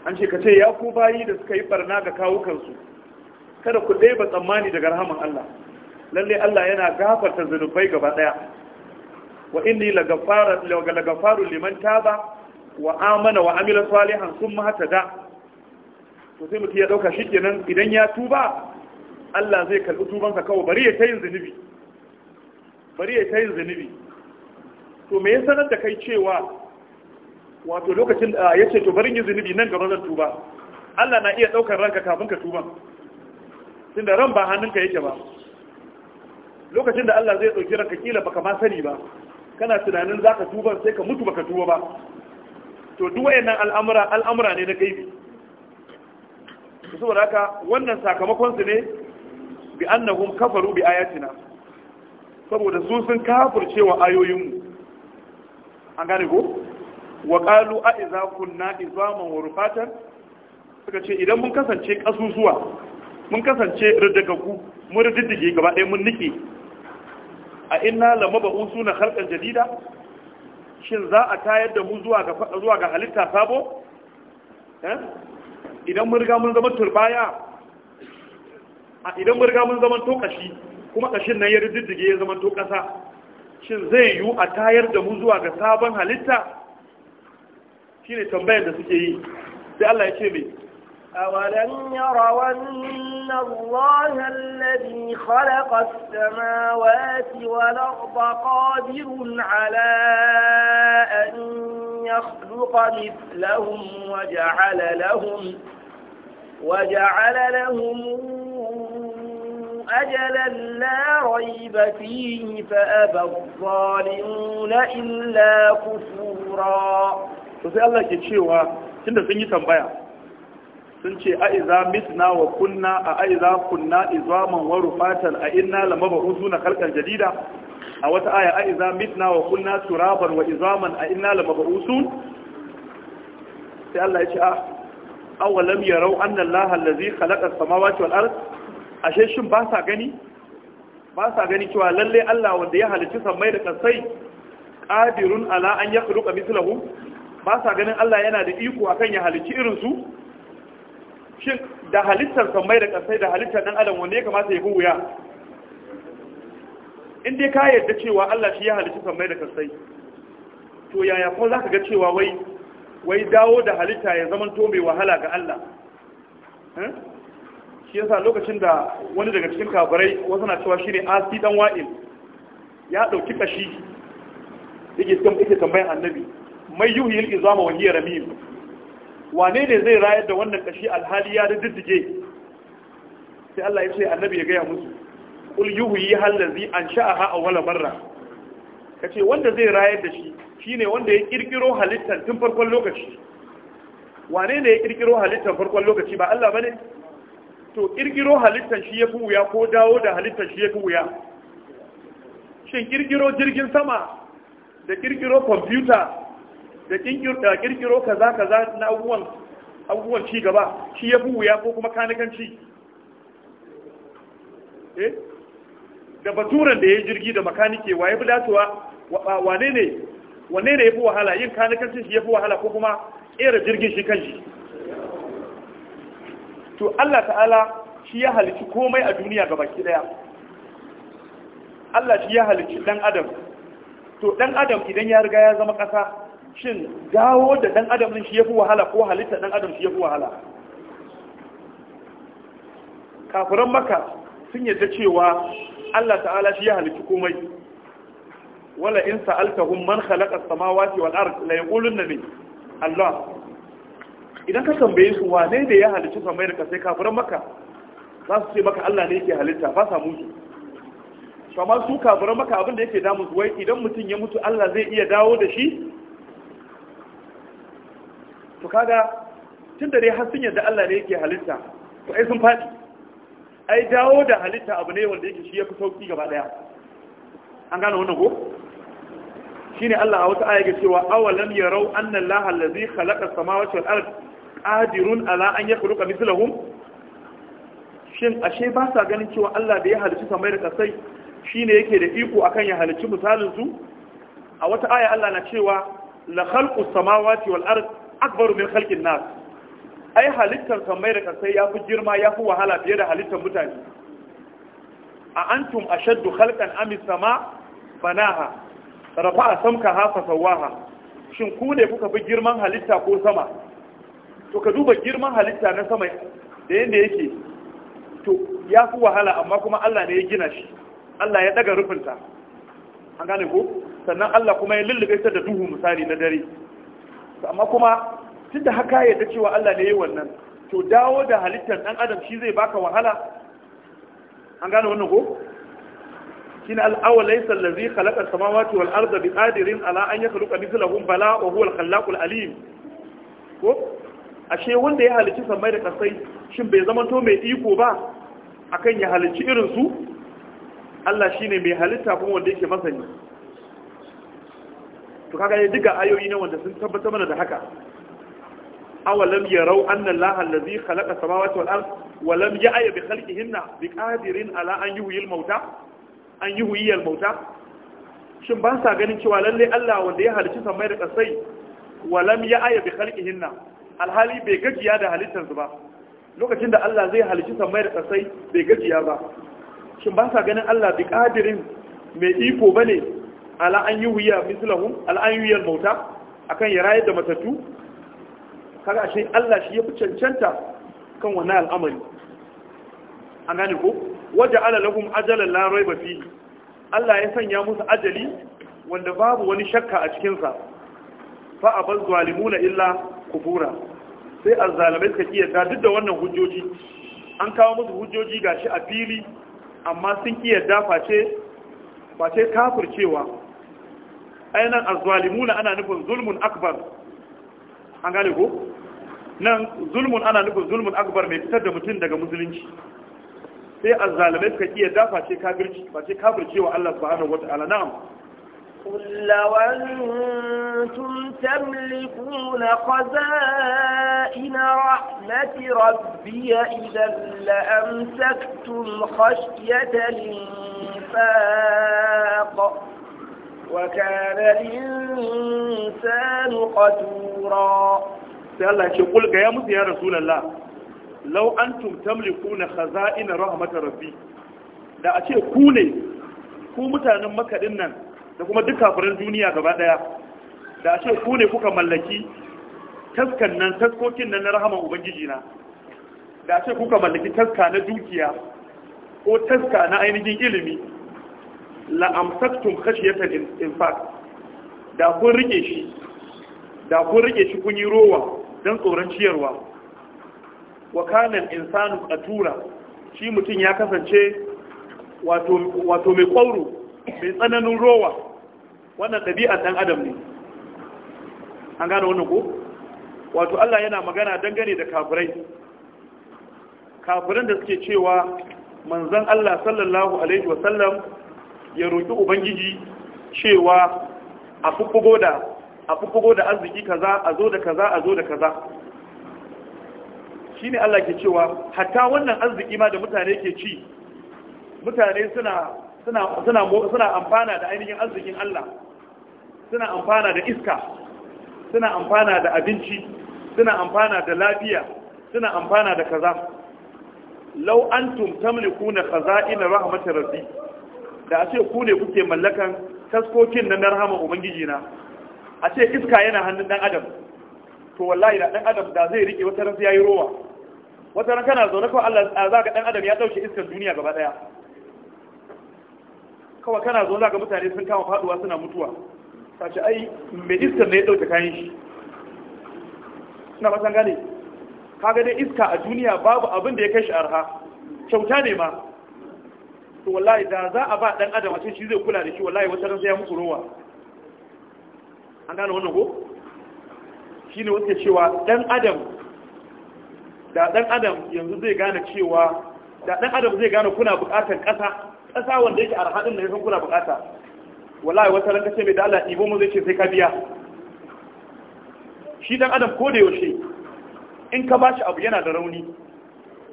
an ce kace ya ku bayi da suka yi barna ga kawukansu kada ku ɗeba tsammani daga rahaman Allah lalle Allah yana gafarta zunubai gaba daya wa inni lagafarun liman taba wa amana wa amila salihan summa hatada to sai mutum ya dauka shi kenan idan ya tuba Allah zai karbi tubansa kawai bari ya ta yin zunubi bari ya ta yin zunubi to me ya sanar da kai cewa wato lokacin da ya ce to barin yin zunubi nan gaba zan tuba Allah na iya daukar ranka kafin ka tuban tunda ran ba hannunka yake ba lokacin da Allah zai dauki ranka kila baka ma sani ba kana tunanin zaka tuban sai ka mutu baka tuba ba to duk wayannan al'amura al'amura ne na gaibi saboda haka wannan sakamakon su ne bi annahum kafaru bi ayatina saboda su sun kafirce wa ayoyinmu an gane ko wa qalu a idza kunna izaman wa rufatan suka ce idan mun kasance kasusuwa mun kasance riddagaku mun riddige gaba ɗaya mun nike a inna lamabahu suna halkan jadida shin za a tayar da mu zuwa ga zuwa ga halitta sabo eh? idan mun riga mun zama turbaya a idan mun riga mun zama to kashi kuma kashin nan ya riddige ya zama to kasa shin zai yiwu a tayar da mu zuwa ga sabon halitta shine tambayar da suke yi sai Allah ya ce mai أولم يروا أن الله الذي خلق السماوات والأرض قادر على أن يخلق مثلهم وجعل لهم وجعل لهم أجلا لا ريب فيه فأبى الظالمون إلا كفورا sai Allah ke cewa tunda sun yi tambaya sun ce a iza wa kunna a aiza kunna izaman wa a inna lamaba uzuna khalqan a wata aya a iza mitna wa kunna turaban wa izaman a inna la sai Allah ya ce a ah, awalam yarau anna Allah allazi khalaqa samawati wal ard ashe shin ba sa gani ba sa gani cewa lalle Allah wanda ya halicci samai da kasai qadirun ala an yakhluqa mithlahum ba sa ganin Allah yana da iko akan ya halicci irin su shin da halittar samai da kasai da halittar dan adam wanda ya kamata ya buya in dai ka yarda cewa Allah shi ya halitta mai da kasai to yaya ko zaka ga cewa wai wai dawo da halitta ya zama to mai wahala ga Allah shi yasa lokacin da wani daga cikin kafirai wasu na cewa shine asi dan wa'il ya dauki kashi yake yake tambayan annabi mai yuhil izama wa hiya ramim wane ne zai rayar da wannan kashi alhali ya diddige sai Allah ya ce annabi ya gaya musu kul yuhyi allazi ansha'aha awwala marra kace wanda zai rayar da shi shine wanda ya kirkiro halittar tun farkon lokaci wane ne ya kirkiro halittar farkon lokaci ba Allah bane to kirkiro halittar shi fi wuya ko dawo da halittar shi fi wuya shin kirkiro jirgin sama da kirkiro computer da kirkiro kaza kaza na abubuwan abubuwan ci gaba shi fi wuya ko kuma kanikanci eh da baturan da ya yi jirgi da makanike wa ya fi dacewa wane ne wane ne ya fi wahala yin kanikancin shi ya fi wahala ko kuma ƙera jirgin shi shi to Allah ta'ala shi ya halici komai a duniya ga baki daya Allah shi ya halici dan adam to dan adam idan ya riga ya zama kasa shin dawo da dan adam din shi ya fi wahala ko halitta dan adam shi ya fi wahala kafiran maka sun yadda cewa Allah ta'ala shi ya halitta komai wala in sa'altahum man khalaqa as-samawati wal ard la yaqulunna min Allah idan ka tambaye su wane ne ya halitta samai da kai kafiran maka za su ce maka Allah ne yake halitta ba sa musu to amma su kafiran maka abin da yake da su wai idan mutum ya mutu Allah zai iya dawo da shi to kaga tun da dai har sun yadda Allah ne yake halitta to ai sun faɗi ai dawo da halitta abu ne wanda yake shi ya fi sauki gaba daya an gane wannan ko shine Allah a wata aya ga cewa awalam yarau anna Allah allazi khalaqa samawati wal ard qadirun ala an yakhluqa mithlahum shin ashe ba sa ganin cewa Allah da ya halicci samai da kasai shine yake da iko akan ya halicci misalin su a wata aya Allah na cewa la khalqu samawati wal ard akbaru min khalqin nas ai halittar mai da kasai ya fi girma ya fi wahala fiye da halittar mutane a a shaddu halkan am sama banaha rafa'a samka fa sawaha shin ku ne kuka fi girman halitta ko sama to ka duba girman halitta na sama da yadda yake to ya fi wahala amma kuma Allah ne ya gina shi Allah ya daga rufinta an gane ku? sannan Allah kuma ya lullube ta da duhu misali na dare amma kuma tun da haka yadda cewa Allah ne ya wannan to dawo da halittar ɗan adam shi zai baka wahala an gane wannan ko shi ne al'awar laisar da zai halakar samawati wal al'arza bi ƙadirin ala an ya haluka mislahun bala wa huwa kallakul alim ko ashe wanda ya halici samai da kasai shin bai zama to mai iko ba akan ya halicci irin su Allah shine mai halitta kuma wanda yake masani to kaga ne duka ayoyi ne wanda sun tabbatar mana da haka awalam yarau anna Allah allazi khalaqa samawati wal ard wa lam ya'ya bi khalqihinna bi qadirin ala an yuhyil mauta an yuhyil mauta shin ba sa ganin cewa lalle Allah wanda ya halicci samai da kasai wa lam ya'ya bi khalqihinna alhali bai gajiya da halittar su ba lokacin da Allah zai halicci samai da kasai bai gajiya ba shin ba sa ganin Allah bi qadirin mai iko bane ala an yuhyiya mislahum ala an yuhyil mauta akan ya rayar da matattu kaga shi Allah shi ya fi cancanta kan wannan al'amari an gane ko waje ala lahum ajalan la rayba fi Allah ya sanya musu ajali wanda babu wani shakka a cikin sa fa abal zalimuna illa kubura. sai azzalimai suka da duk da wannan hujjoji an kawo musu hujjoji gashi a fili amma sun kiyarta face face kafircewa ainihin azzalimuna ana nufin zulmun akbar an gane ko nan zulmun ana nufin zulmun akbar mai fitar da mutum daga musulunci sai azzalimai suka iya dafa ce kafirci ba ce kafirce wa Allah subhanahu wata'ala na'am قل لو أنتم تملكون خزائن رحمة ربي إذا لأمسكتم خشية الإنفاق وكان الإنسان قتورا سأل الله يقول يا مسي يا رسول الله لو أنتم تملكون خزائن رحمة ربي da a ce ku ne ku mutanen makaɗin nan da kuma duk kafirin duniya gaba ɗaya da a ce ku ne kuka mallaki taskan na rahaman ubangiji na da a ce kuka mallaki taska na dukiya ko na ainihin ilimi la'amsaktum khashyatal infaq da kun rike shi da kun rike shi kun yi rowa dan tsoron ciyarwa wa kana al-insanu qatura shi mutum ya kasance wato wato mai kwauro mai tsananin rowa wannan dabi'ar dan adam ne an gane wannan ko wato Allah yana magana dangane da kafirai kafiran da suke cewa manzon Allah sallallahu alaihi wasallam ya roƙi ubangiji cewa a fuffugo da a fuffugo da arziki kaza a zo da kaza a zo da kaza shine Allah ke cewa hatta wannan arziki ma da mutane ke ci mutane suna suna suna suna amfana da ainihin arzikin Allah suna amfana da iska suna amfana da abinci suna amfana da lafiya suna amfana da kaza law antum tamlikuna khaza'ina rahmatir rabbi da a ce ku ne kuke mallakan taskokin na narhama ubangiji na a ce iska yana hannun dan adam to wallahi da dan adam da zai rike wata ran sai yayi rowa wata ran kana zaune kawai Allah a zaga dan adam ya dauke iskar duniya gaba daya kawai kana zaune zaga mutane sun kama faduwa suna mutuwa sace ai me iskar ne ya dauke kayan shi ina ba san gane kaga dai iska a duniya babu abin da ya kai shi arha kyauta ne ma to wallahi da za a ba dan adam a ce shi zai kula da shi wallahi wata ran ya muku rowa an gane wannan ko shine wata cewa dan adam da dan adam yanzu zai gane cewa da dan adam zai gane kuna bukatar kasa kasa wanda yake arhadin da yake kuna bukata wallahi wata ran ce mai da Allah ibo mu zai ce sai ka biya shi dan adam ko da yaushe in ka bashi abu yana da rauni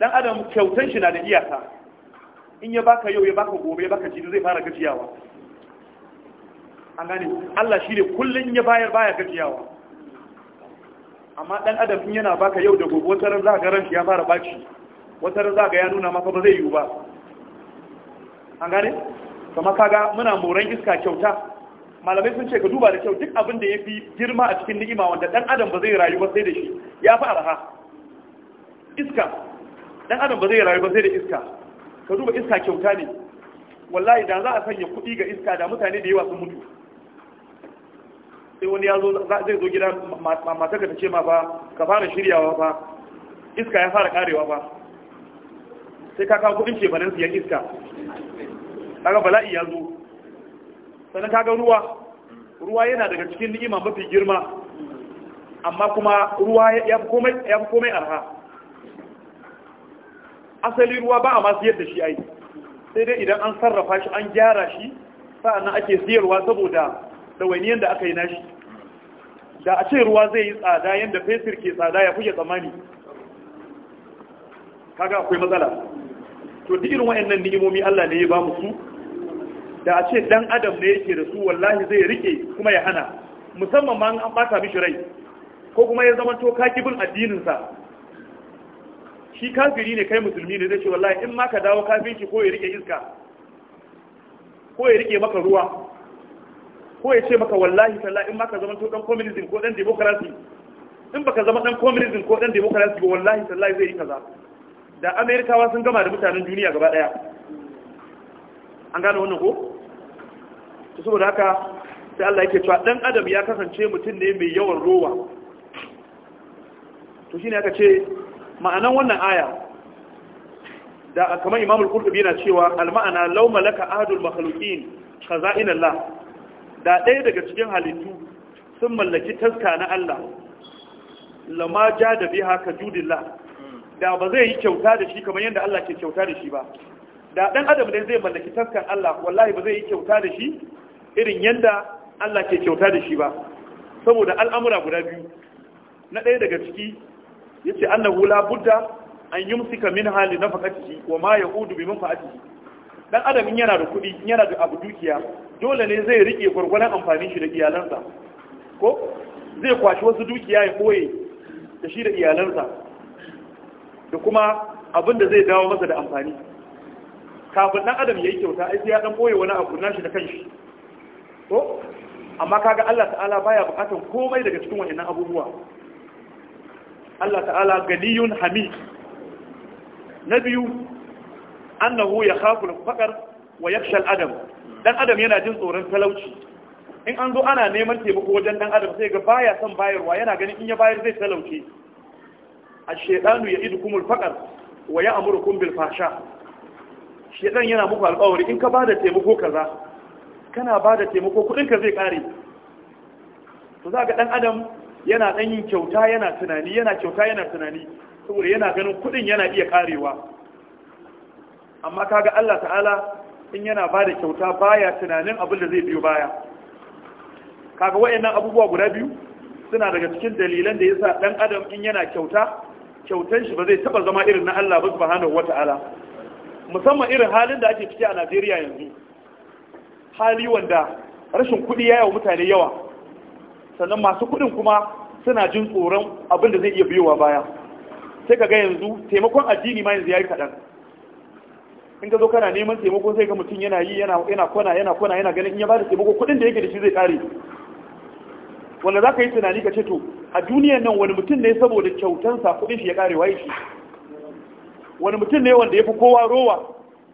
dan adam kyautan shi na da iyaka in ya baka yau ya baka gobe ya baka jidu zai fara gajiyawa an gane Allah shi ne kullum ya bayar baya gajiyawa amma dan adam in yana baka yau da gobe wata ran za ka ran shi ya fara baci wata ran za ka ya nuna maka ba zai yiwu ba an gane kuma kaga muna moran iska kyauta malamai sun ce ka duba da kyau duk abin da ya fi girma a cikin ni'ima wanda dan adam ba zai rayu ba sai da shi ya fi arha iska dan adam ba zai rayu ba sai da iska ka duba iska kyauta ne wallahi da za a sanya kuɗi ga iska da mutane da yawa sun mutu sai wani ya zo zai zo gida mata ta ce ma ba ka fara shiryawa ba iska ya fara karewa ba sai ka kawo kuɗin cefanen siyan iska daga bala'i ya zo sannan ga ruwa ruwa yana daga cikin ni'ima mafi girma amma kuma ruwa ya fi komai arha asali ruwa ba a masu yadda shi aiki sai dai idan an sarrafa shi an gyara shi sa'annan ake siyarwa saboda ɗawainiyar da aka yi nashi da a ce ruwa zai yi tsada yadda fesir ke tsada ya kuke tsammani kaga akwai matsala to duk irin wayannan ni'imomi Allah ne ya ba mu su da a ce dan adam ne yake da su wallahi zai rike kuma ya hana musamman ma an bata mishi rai ko kuma ya zama to kakibin addinin sa shi kafiri ne kai musulmi ne zai ce wallahi in ma ka dawo kafirci ko ya rike iska ko ya rike maka ruwa ko ya ce maka wallahi sallah in ma ka zama dan communism ko dan democracy in baka zama dan communism ko dan democracy ba wallahi sallah zai yi kaza da amerikawa sun gama da mutanen duniya gaba daya an gane wannan ko to saboda haka sai Allah yake cewa dan adam ya kasance mutum ne mai yawan rowa to shine aka ce ma'anan wannan aya da kamar imam al-qurtubi yana cewa alma'ana maana law malaka ahadul makhluqin khaza'in Allah da ɗaya daga cikin halittu sun mallaki taska na Allah lama ja da biha ka judillah da ba zai yi kyauta da shi kamar yadda Allah ke kyauta da shi ba da ɗan adam ne zai mallaki taskan Allah wallahi ba zai yi kyauta da shi irin yadda Allah ke kyauta da shi ba saboda al'amura guda biyu na ɗaya daga ciki yace annahu la budda an yumsika min hali nafaqatihi wa ma yaudu bi manfaatihi dan adam in yana da kudi in yana da abu dukiya dole ne zai rike gurgurun amfanin shi da iyalansa ko zai kwashi wasu dukiya ya koye da shi da iyalansa da kuma abin da zai dawo masa da amfani kafin dan adam ya yi kyauta ai sai ya dan boye wani abu nashi da kanshi ko amma kaga Allah ta'ala baya bukatan komai daga cikin wannan abubuwa Allah ta'ala ganiyun hamid na biyu annahu ya khafu al wa yakhsha al-adam dan adam yana jin tsoron talauci in an zo ana neman taimako wajen dan adam sai ga baya son bayarwa yana ganin in ya bayar zai talauce ash-shaytanu ya'idukum al-faqr wa ya'murukum bil fahsha shaytan yana muku alƙawari in ka bada taimako kaza kana bada taimako kudin ka zai kare to za ga dan adam yana ɗan yin kyauta yana tunani yana kyauta yana tunani saboda yana ganin kuɗin yana iya karewa amma kaga Allah ta'ala in yana ba da kyauta baya tunanin abin da zai biyo baya kaga wayannan abubuwa guda biyu suna daga cikin dalilan da yasa dan adam in yana kyauta kyautan shi ba zai taba zama irin na Allah ba subhanahu wata'ala musamman irin halin da ake ciki a Najeriya yanzu hali wanda rashin kuɗi ya yawa mutane yawa sannan masu kuɗin kuma suna jin tsoron abin da zai iya biyowa baya sai ka ga yanzu taimakon addini ma yanzu ya yi kaɗan in ka zo kana neman taimako sai ga mutum yana yi yana kwana yana kwana yana ganin in ya bada taimako kuɗin da yake da shi zai ƙare wanda za ka yi tunani ka ce to a duniyan nan wani mutum ne saboda kyautansa kuɗin shi ya ƙare waye shi wani mutum ne wanda ya fi kowa rowa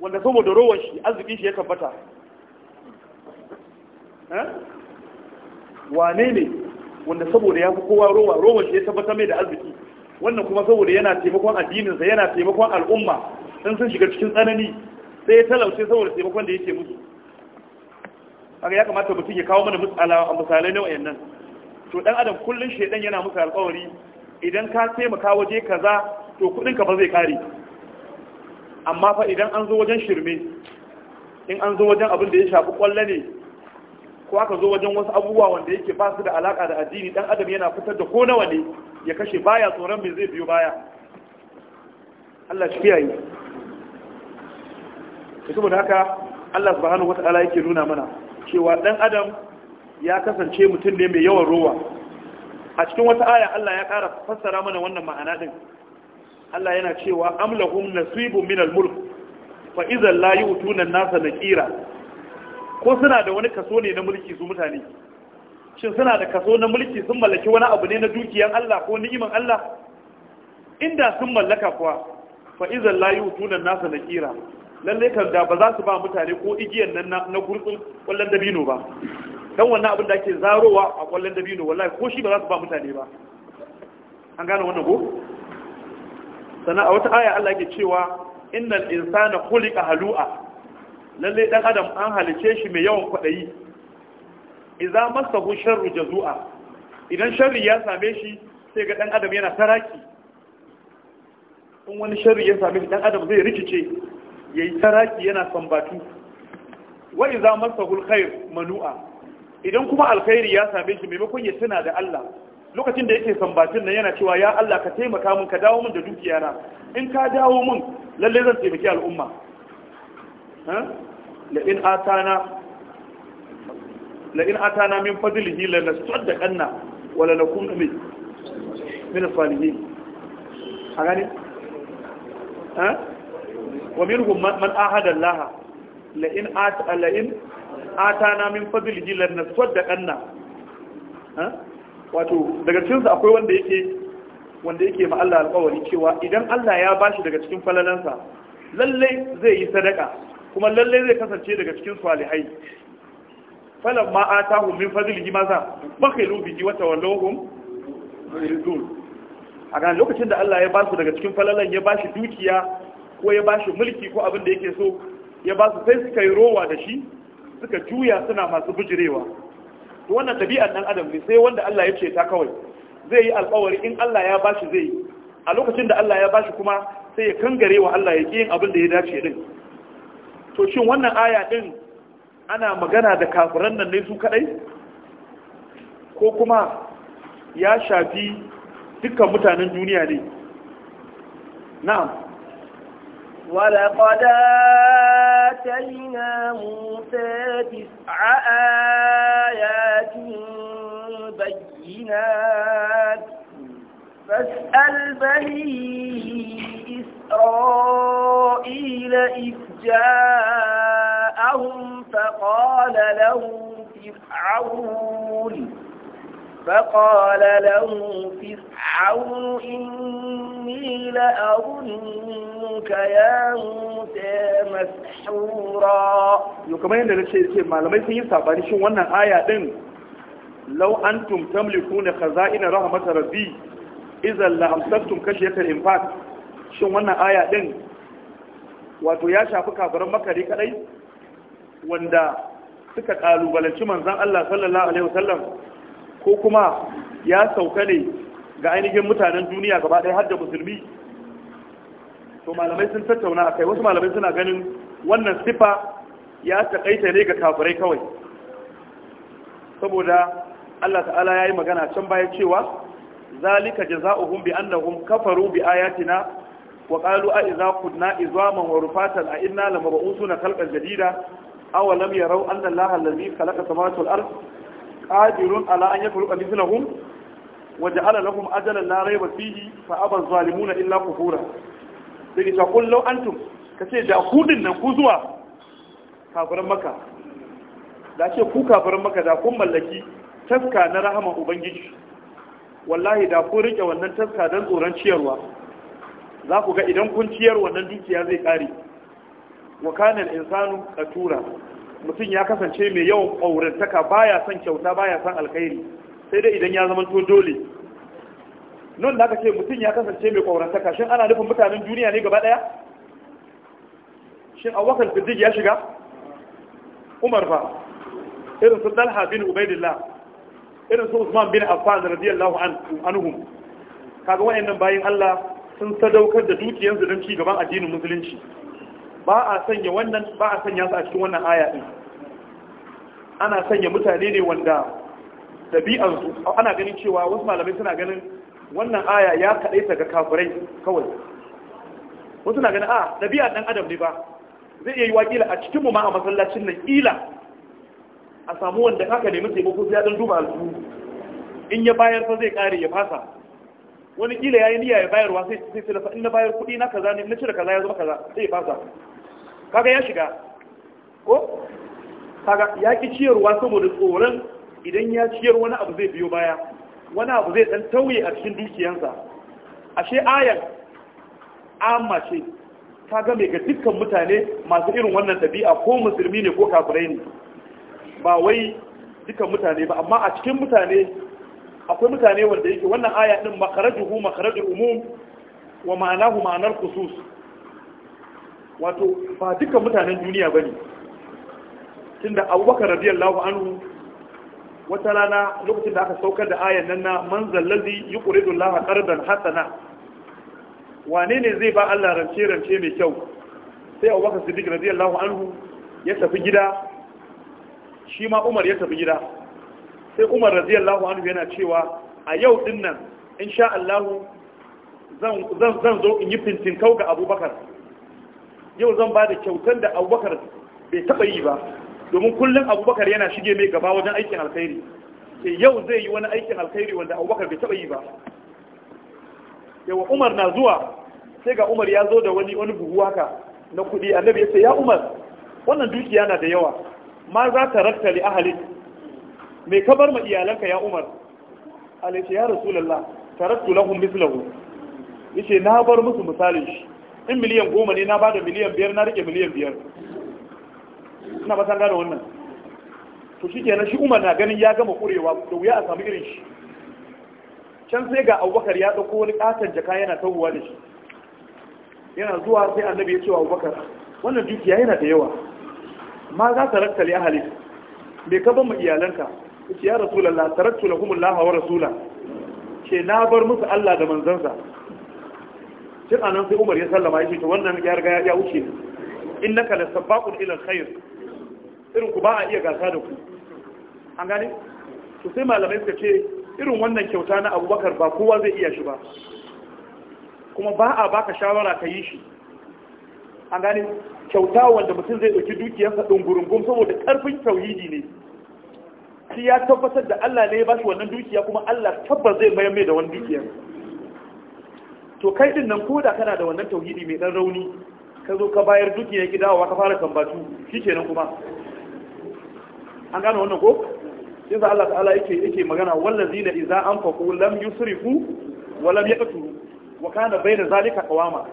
wanda saboda rowan shi arzikin shi ya tabbata eh? wane ne wanda saboda ya fi kowa rowa rowan shi ya tabbatar mai da arziki wannan kuma saboda yana taimakon addininsa yana taimakon al'umma sun sun shiga cikin tsanani sai ya talauce saboda taimakon da yake musu haka ya kamata mutum ya kawo mana misalai na wayannan to dan adam kullun shedan yana musu alƙawari idan ka taimaka waje kaza to kudin ka ba zai kare amma fa idan an zo wajen shirme in an zo wajen abin da ya shafi kwallo ne ko aka zo wajen wasu abubuwa wanda yake ba su da alaka da addini dan adam yana fitar da ko nawa ne ya kashe baya tsoron me zai biyo baya Allah shi kiyaye saboda haka Allah subhanahu wataala yake nuna mana cewa dan adam ya kasance mutum ne mai yawan rowa a cikin wata aya Allah ya ƙara fassara mana wannan ma'ana din Allah yana cewa amlahum nasibun minal mulk fa idza la yu'tuna an-nasa nakira ko suna da wani kaso ne na mulki su mutane shin suna da kaso na mulki sun mallaki wani abu ne na dukiyan Allah ko ni'iman Allah inda sun mallaka kuwa fa izan la yutunan nasa nakira lalle kan da ba za su ba mutane ko igiyan nan na gurbin kwallon dabino ba dan wannan abin da ake zarowa a kwallon dabino wallahi ko shi ba za su ba mutane ba an gane wannan ko sana a wata aya Allah yake cewa innal insana khuliqa halu'a lalle dan adam an halice shi mai yawan kwaɗayi idza masahu sharru jazua idan sharri ya same shi sai ga dan adam yana taraki in wani sharri ya same shi dan adam zai rikice yayi taraki yana sambatu wa idza masahu alkhair manu'a idan kuma alkhairi ya same shi maimakon ya tuna da Allah lokacin da yake sambatin nan yana cewa ya Allah ka taimaka mun ka dawo mun da dukiyana in ka dawo mun lalle zan taimaki al'umma la'in atana la'in atana min fadlihi la nasaddaqanna wala la nakun min min salihin a gani ha wa hu man ahada Allah la'in atana la'in atana min fadlihi la nasaddaqanna ha wato daga cikin su akwai wanda yake wanda yake ma Allah alƙawari cewa idan Allah ya bashi daga cikin falalansa lalle zai yi sadaka kuma lalle zai kasance daga cikin salihai falan ma atahu min fadlihi maza bakhilu bihi wa tawallahum yuridun a ga lokacin da Allah ya ba su daga cikin falalan ya ba shi dukiya ko ya ba shi mulki ko abin da yake so ya ba su sai suka yi rowa da shi suka juya suna masu bujirewa to wannan tabi'ar dan adam ne sai wanda Allah ya ce ta kawai zai yi alƙawari in Allah ya ba shi zai yi a lokacin da Allah ya ba shi kuma sai ya kangare wa Allah ya ƙi yin abin da ya dace din to shin wannan aya din ana magana da kafiran nan ne su kadai ko kuma ya shafi dukkan mutanen duniya ne na'am ولقد آتينا موسى تسع فاسأل بني إسرائيل إذ جاءهم فقال له فرعون فقال له فرعون إني لأظنك يا موسى مسحورا يقول لك ما لم يكن يفعل شيء وانا آية دين لو أنتم تملكون خزائن رحمة ربي izal la kashe kashiyatal infaq shin wannan aya din wato ya shafi kafiran makka kaɗai kadai wanda suka kalubalanci manzon Allah sallallahu alaihi wasallam ko kuma ya sauka ne ga ainihin mutanen duniya gaba ɗaya har da musulmi to malamai sun tattauna kai wasu malamai suna ganin wannan sifa ya takaita ne ga kafirai kawai saboda Allah ta'ala ya yi magana can baya cewa zalika jazaohum bi annahum kafaru bi ayatina wa qalu a idza kunna izaman wa rufatan a inna lamab'usuna khalqan jadida aw lam yaraw anna allaha allazi khalaqa samawati wal ard qadirun ala an yakhluqa mithlahum wa ja'ala illa sai ta kullu antum kace da kudin nan ku zuwa kafiran maka da ce ku kafiran maka da kun mallaki taska na rahaman ubangiji wallahi da ku rike wannan taska don tsoron ciyarwa za ku ga idan kun ciyar wannan dukiya zai kare wa kana insanu katura mutum ya kasance mai yawan aurantaka baya son kyauta baya son alkhairi sai dai idan ya zama to dole nan da aka ce mutum ya kasance mai aurantaka shin ana nufin mutanen duniya ne gaba ɗaya? shin Abubakar Siddiq ya shiga Umar fa irin su Talha bin Ubaidillah irin su Usman bin Affan radiyallahu anhu kaga wayannan bayin Allah sun sadaukar da su don ci gaban addinin musulunci ba a sanya wannan ba a sanya su a cikin wannan aya din ana sanya mutane ne wanda su ana ganin cewa wasu malamai suna ganin wannan aya ya kaɗai ta ga kafirai kawai wasu na ganin a ah, dabi'a dan adam ne ba zai iya yi wakila a cikin mu ma a masallacin nan ila a samu wanda aka nemi taimako sai ya dan duba aljihu in ya bayar fa zai kare ya fasa wani kila yayi niyya ya bayarwa sai sai tilafa in na bayar kuɗi na kaza ne na cire kaza ya zama kaza sai ya fasa kaga ya shiga ko kaga ya ki ciyarwa saboda tsoron idan ya ciyar wani abu zai biyo baya wani abu zai dan tauye a cikin dukiyansa ashe ayan amma ce ta game ga dukkan mutane masu irin wannan tabi'a ko musulmi ne ko kafirai ne ba wai dukan mutane ba amma a cikin mutane akwai mutane wanda yake wannan aya din makarajuhu makarajul umum wa ma'anahu ma'anar khusus wato ba dukan mutanen duniya bane tunda Abubakar radiyallahu anhu wata rana lokacin da aka saukar da ayan nan na manzal ladhi yuqridu Allah qardan hasana wane ne zai ba Allah rance rance mai kyau sai Abubakar Siddiq radiyallahu anhu ya tafi gida shi ma umar ya tafi gida sai umar raziyallahu anhu yana cewa a yau din nan insha Allah zan zo in yi fintin kau ga abubakar yau zan ba da kyautar da abubakar bai taɓa yi ba domin kullum abubakar yana shige mai gaba wajen aikin alkhairi sai yau zai yi wani aikin alkhairi wanda abubakar bai taba yi ba yawa umar na zuwa sai ga umar ya zo da wani wani buhu haka na kuɗi annabi ya ce ya umar wannan dukiya na da yawa ma za ta rakta li ahali mai kabar ma iyalanka ya umar alaihi ya rasulullah tarattu lahum mislahu yace na bar musu misalin shi in miliyan goma ne na bada miliyan biyar na rike miliyan biyar ina ba da wannan to shi kenan shi umar na ganin ya gama kurewa da wuya a samu irin shi can sai ga abubakar ya ɗauko wani ƙaton jaka yana tawowa da shi yana zuwa sai annabi ya ce wa abubakar wannan dukiya yana da yawa ma za ta rakta li ahali me ka ban mu iyalanka yace ya rasu rasulullah taraktu lahum kuma wa rasula ce na bar musu Allah da manzansa cin anan sai Umar ya sallama ya ce ta wannan ya riga ya wuce In innaka sabbakun ilar alkhair irin ku ba a iya gasa da ku an gane su sai malamai suka ce irin wannan kyauta na abubakar ba kowa zai iya shi ba kuma ba a baka shawara ka yi shi an gane kyauta wanda mutum zai ɗauki dukiyarsa ɗungurungun saboda ƙarfin tauhidi ne shi ya tabbatar da Allah ne ya bashi wannan dukiya kuma Allah tabbas zai mayar mai da wannan dukiya to kai din nan koda kana da wannan tauhidi mai dan rauni ka zo ka bayar dukiya ki wa ka fara tambatu shikenan kuma an gane wannan ko sai sa Allah ta'ala yake yake magana wallazina idza anfaqu lam yusrifu wa lam yaqtu wa kana bayna zalika qawama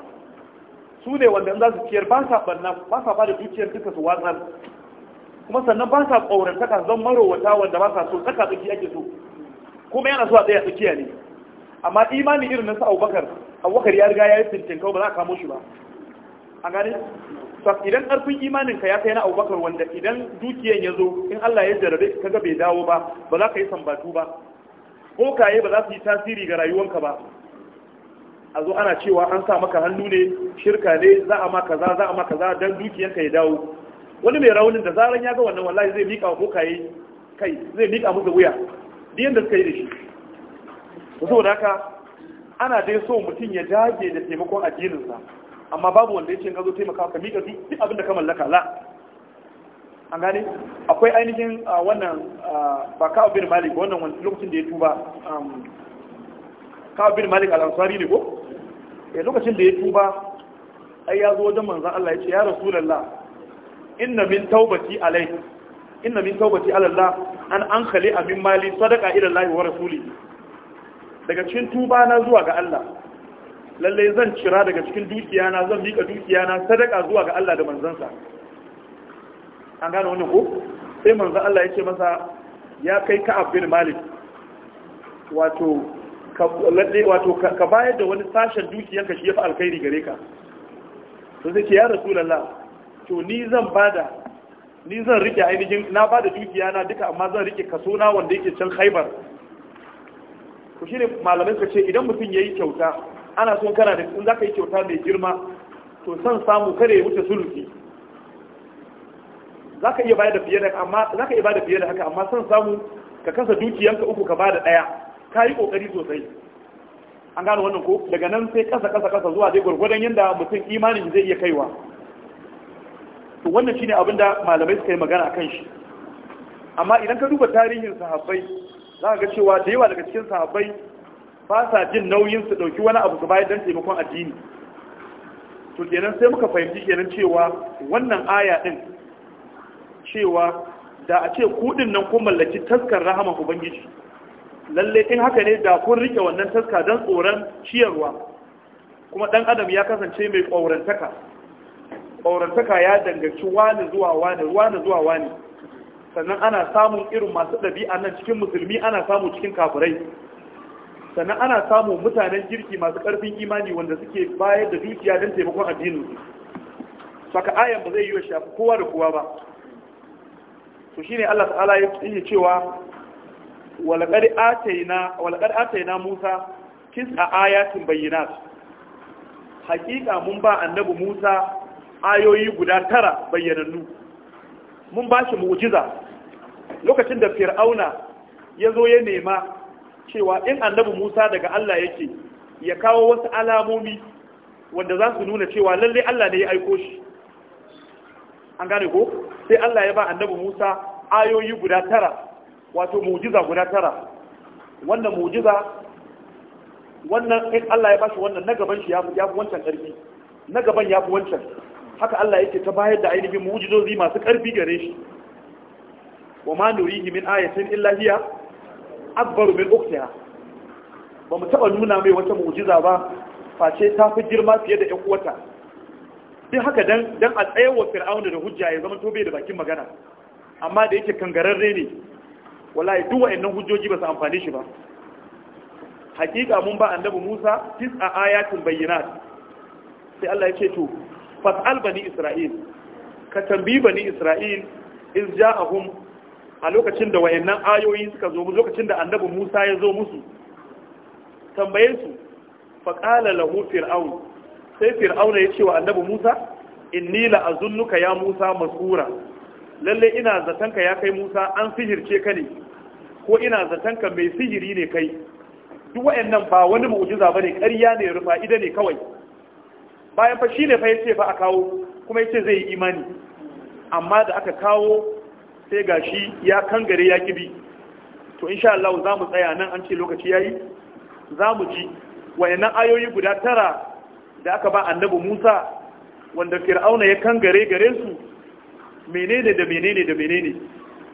su ne wanda za su ciyar ba sa barna ba sa ba da dukiyar duka su watsar kuma sannan ba sa ƙaurantaka zan marowata wanda ba sa so tsaka tsaki ake so kuma yana so a tsaya tsakiya ne amma imani irin na su abubakar abubakar ya riga ya yi fintin kawai ba za a kamo shi ba a gane idan ƙarfin imanin ka ya kai na abubakar wanda idan dukiyan ya zo in allah ya jarabe ka ga bai dawo ba ba za ka yi sambatu ba Ko kaye ba za su yi tasiri ga rayuwanka ba a zo ana cewa an sa maka hannu ne shirka ne za a maka za za a maka za dan dukiyanka ya dawo wani mai raunin da zaran ya ga wannan wallahi zai mika ko bokaye kai zai mika musu wuya duk yanda suka yi da shi to saboda haka ana dai so mutum ya dage da taimakon addininsa amma babu wanda yake ka zo taimaka ka mika duk abin da ka mallaka la an gane akwai ainihin ah, wannan ah, ba ka bin malik wannan lokacin da ya tuba um, ka bin malik al-ansari ne ko ya eh, lokacin da ya tuba ai ya zo wajen manzan Allah ya ce ya rasulallah inna min taubati alai inna min taubati alallah an an khali amin mali sadaka ila Allah wa rasuli daga cikin tuba na zuwa ga Allah lalle zan cira daga cikin dukiya na zan miƙa dukiya na sadaka zuwa ga Allah da manzansa an gane wannan ko sai manzan Allah ya ce masa ya kai ka bin malik wato wato ka bayar da wani sashen dukiyanka shi ya fi alkhairi gare ka su zai ce ya rasulallah to ni zan bada ni zan rike ainihin na bada dukiya na duka amma zan rike kaso na wanda yake can ku shi ne malamai ka ce idan mutum ya yi kyauta ana son kana da za zaka yi kyauta mai girma to san samu kare ya wuce sulusi zaka iya bayar da fiye da zaka iya bada fiye da haka amma san samu ka kasa dukiyanka uku ka bada daya ka yi ƙoƙari sosai an gano wannan ko daga nan sai kasa-kasa-kasa zuwa dai gwargwadon yadda mutum imanin zai iya kaiwa to wannan shine abin da malamai suka yi magana akan shi amma idan ka duba tarihin sahabbai za ka ga cewa da yawa daga cikin sahabbai ba sa jin nauyin su ɗauki wani abu su bayar don taimakon addini to kenan sai muka fahimci kenan cewa wannan aya ɗin cewa da a ce kuɗin nan ko mallaki taskar rahaman ubangiji lalle in haka ne da kun rike wannan taska don tsoron ciyarwa kuma dan adam ya kasance mai ƙaurantaka ƙaurantaka ya danganci wani zuwa wani wani zuwa wani sannan ana samun irin masu ɗabi'a nan cikin musulmi ana samu cikin kafirai sannan ana samun mutanen girki masu ƙarfin imani wanda suke bayar da dukiya don taimakon addinin saka ayan ba zai yi wa shafi kowa da kowa ba to shine Allah ta'ala ya cewa walaqad atayna walaqad atayna Musa tis'a ayatin bayyinat hakika mun ba annabi Musa ayoyi guda tara bayyanannu mun ba shi mu'jiza lokacin da fir'auna ya zo ya nema cewa in annabi Musa daga Allah yake ya kawo wasu alamomi wanda za su nuna cewa lalle Allah ne ya aiko shi an gane ko sai Allah ya ba annabi Musa ayoyi guda tara wato mujiza guda tara wannan mujiza wannan in Allah ya bashi wannan na gaban shi ya fi wancan ƙarfi na gaban ya fi wancan haka Allah yake ta bayar da ainihin mujizozi masu ƙarfi gare shi wa ma nurihi min ayatin illa hiya akbaru min ukhtiha ba mu taba nuna mai wata mu'jiza ba face ta fi girma fiye da ƴan uwata duk haka dan dan a tsayawa wa fir'auna da hujja ya zama tobe da bakin magana amma da yake kangararre ne wallahi duk wa'annan hujjoji ba su amfane shi ba hakika mun ba annabi Musa a ayatin bayyinat sai Allah ya ce to fas'al bani Isra'il ka tambayi bani Isra'il in ja'ahum a lokacin da nan ayoyi suka zo mu lokacin da annabi Musa ya zo musu tambaye su fa qala lahu fir'aun sai fir'auna ya ce wa annabi Musa inni la azunnuka ya Musa masura lalle ina zatanka ya kai Musa an sihirce ka ne ko ina zatanka mai sihiri ne kai duk wayannan ba wani mu'jiza bane ƙarya ne rufa ida ne kawai bayan fa shine fa yace fa a kawo kuma yace zai yi imani amma da aka kawo sai gashi ya kangare ya kibi to insha Allah za mu tsaya nan an ce lokaci yayi za mu ji wayannan ayoyi guda tara da aka ba annabi Musa wanda Fir'auna ya kangare gare su menene da menene da menene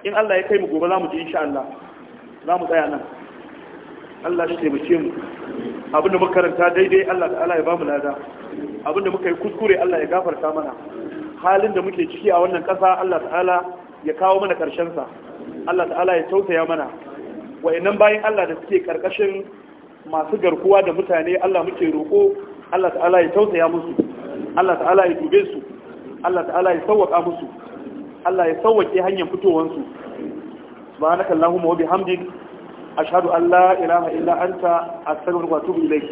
in Allah ya kai mu gobe za mu ji insha Allah za mu tsaya nan Allah shi taimake mu abinda muka karanta daidai Allah ta'ala ya bamu lada abinda muka yi kuskure Allah ya gafarta mana halin da muke ciki a wannan ƙasa Allah ta'ala ya kawo mana ƙarshen sa Allah ta'ala ya tausaya mana wayannan bayan Allah da suke karkashin masu garkuwa da mutane Allah muke roƙo Allah ta'ala ya tausaya musu Allah ta'ala ya dube su Allah ta'ala ya sauwaka musu Allah ya sauwake hanyar fitowansu subhanaka allahumma wa bihamdik ashhadu an la ilaha illa anta astaghfiruka wa atubu ilayk